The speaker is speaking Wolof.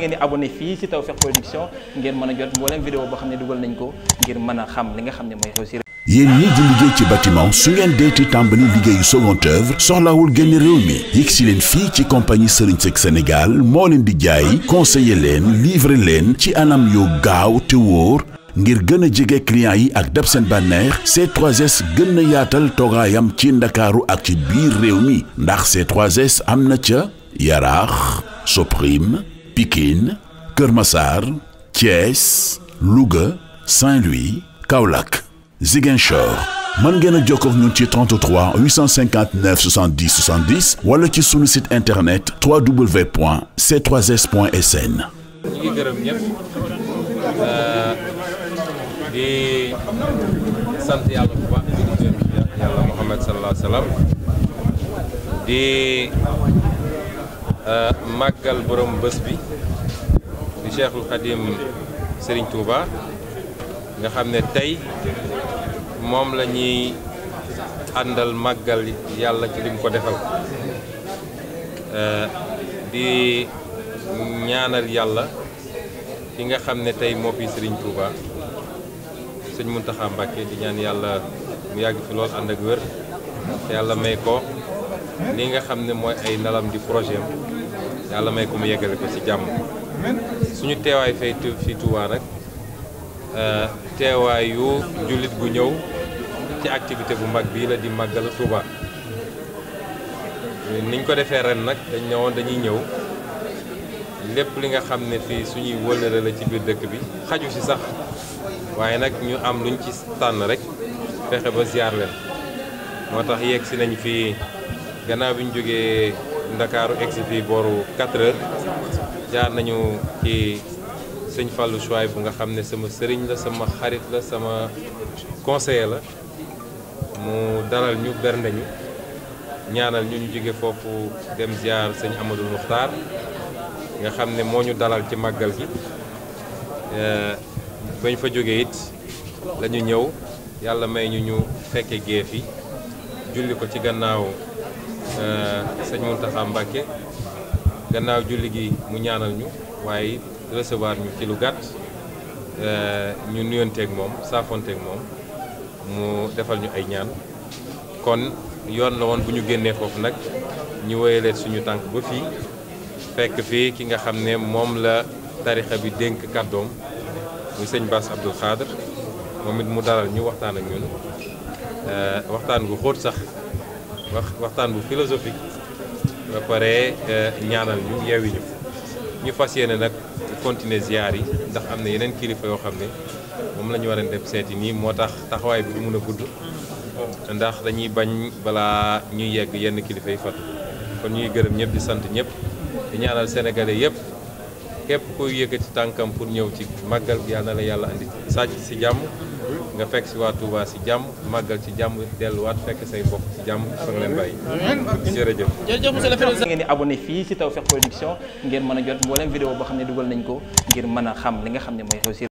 ngeen di abonné fii ci Tawfekh ngeen mën a jot mboolem vidéo boo xam ne dugal nañ ko ngir mën a xam li nga xam ne mooy xew ci yéen ñii di liggéey ci bâtiment su ngeen deeti tàmbali liggéeyu seconde œuvre soxlawul génn réew mi yegg si leen fii ci compagnie Serigne Seck Sénégal moo leen di jaay conseiller leen livrer leen ci anam yoo gaaw te wóor ngir gën a jege client yi ak dab seen bànneex c 3 gën a yaatal toogaayam ci ndakaaru ak ci biir réew mi ndax c 3 am na ca Yaraax Soprim Pikine Kër Massar Thiès Louga Saint-Louis Kaolack Ziguinchor mën ngeen a jokkoo ak ñun ci 33 859 70 70 wala ci sunu site internet www.c3s.sn. ñu ngi gërëm ñëpp euh, di Euh, màggal borom bés bi di Cheikhul Khadim Serigne Touba nga xam ne tey moom la ñuy àndal màggal yàlla ci lim ko defal euh, di ñaanal yàlla ki nga xam ne tey moo fi Serigne Touba sëñ Mountakha Mbacké di ñaan yàlla mu yàgg fi lool ànd ak wér yàlla may ko li nga xam ne mooy ay nalam di projet yàlla may ko mu yeggale ko ci jàmm suñu teewaay fay fii Touba nag euh, teewaayu jullit gu ñëw ci activité bu mag bii la di màggal Touba niñ ko defee ren nag dañ ne dañuy ñëw lépp li nga xam ne fii suñuy wëllëre la ci biir dëkk bi xaju ci sax waaye nag ñu am luñ ci tànn rek fexe ba ziar moo tax yegg si nañ fii gannaaw bi ñu jógee ndakaaru egsi boru booru heures jaar nañu ci sëñ Fallou Chouaï bu nga xam ne sama sëriñ la sama xarit la sama conseiller la mu dalal ñu bernde ñu ñaanal ñu ñu jóge foofu dem ziar sëñ Amadou Muxtaar nga xam ne moo ñu dalal ci màggal gi bañ fa jóge it la ñëw yàlla may ñu ñu fekke géef yi julli ko ci gannaaw Euh, sëñ Mountakha Mbacké gannaaw julli gi mu ñaanal ñu waaye recevoir ñu ci lu gàtt euh, ñu nuyonteeg moom saafonteeg moom mu defal ñu ay ñaan kon yoon la woon bu ñu génnee foofu nag ñu wéyalee suñu tànk ba fii fekk fii ki nga xam ne moom la tarixa bi dénk kàddoom mu sëñ Bass Abdou Khadre moom it mu dalal ñu waxtaan ak ñun euh, waxtaan gu xóot sax wax waxtaan bu philosophique ba pare eh, ñaanal ñu yeewi ñu ñu fas yéene nag continuer ziar yi ndax am na yeneen kilifa yoo xam ne moom la ñu war a dem seeti nii moo tax taxawaay bi du mun a gudd ndax dañuy bañ balaa ñuy yegg yenn kilifa yi fatu kon ñuy gërëm ñëpp di sant ñëpp di ñaanal sénégalais yëpp képp kuy ci tànkam pour ñëw ci màggal bi yàlla na la yàlla andi sàcc si jàmm nga fekk si waa Touba si jàmm màggal ci jàmm delluwaat fekk say mbokk ci jàmm fa nga leen bàyyi. jërëjëf jërëjëf monsieur le président. ngeen di abonné fii si Tawfekh Production ngeen mën a jot mboolem vidéo boo xam ne dugal nañ ko ngir mën a xam li nga xam ne mooy